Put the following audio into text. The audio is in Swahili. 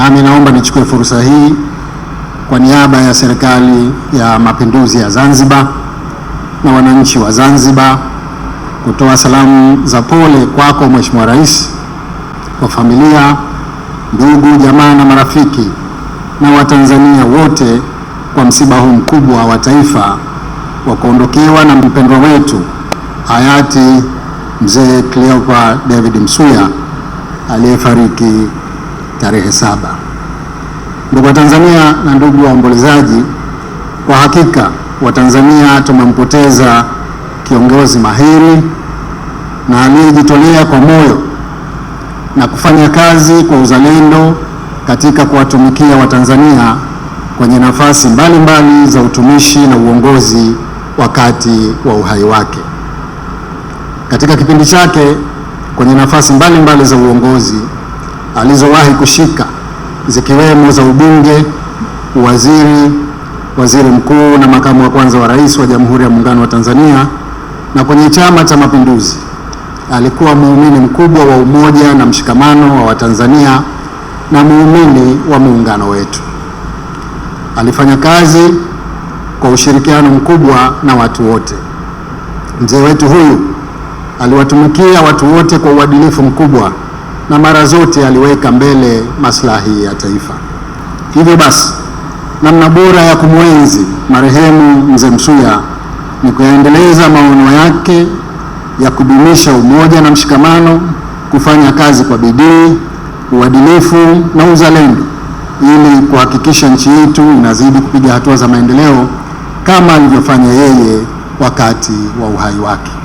nami naomba nichukue fursa hii kwa niaba ya Serikali ya Mapinduzi ya Zanzibar na wananchi wa Zanzibar kutoa salamu za pole kwako Mheshimiwa Rais, kwa familia, ndugu, jamaa na marafiki na Watanzania wote kwa msiba huu mkubwa wa taifa wa kuondokewa na mpendwa wetu hayati Mzee Cleopa David Msuya aliyefariki tarehe saba. Ndugu wa Tanzania na ndugu waombolezaji, kwa hakika Watanzania tumempoteza kiongozi mahiri na aliyejitolea kwa moyo na kufanya kazi kwa uzalendo katika kuwatumikia Watanzania kwenye nafasi mbalimbali mbali za utumishi na uongozi wakati wa uhai wake. Katika kipindi chake kwenye nafasi mbalimbali mbali za uongozi alizowahi kushika zikiwemo za ubunge, waziri waziri mkuu na makamu wa kwanza wa rais wa Jamhuri ya Muungano wa Tanzania, na kwenye Chama cha Mapinduzi alikuwa muumini mkubwa wa umoja na mshikamano wa Watanzania na muumini wa muungano wetu. Alifanya kazi kwa ushirikiano mkubwa na watu wote. Mzee wetu huyu aliwatumikia watu wote kwa uadilifu mkubwa na mara zote aliweka mbele maslahi ya taifa. Hivyo basi, namna bora ya kumwenzi marehemu Mzee Msuya ni kuyaendeleza maono yake ya kudumisha umoja na mshikamano, kufanya kazi kwa bidii, uadilifu na uzalendo ili kuhakikisha nchi yetu inazidi kupiga hatua za maendeleo kama alivyofanya yeye wakati wa uhai wake.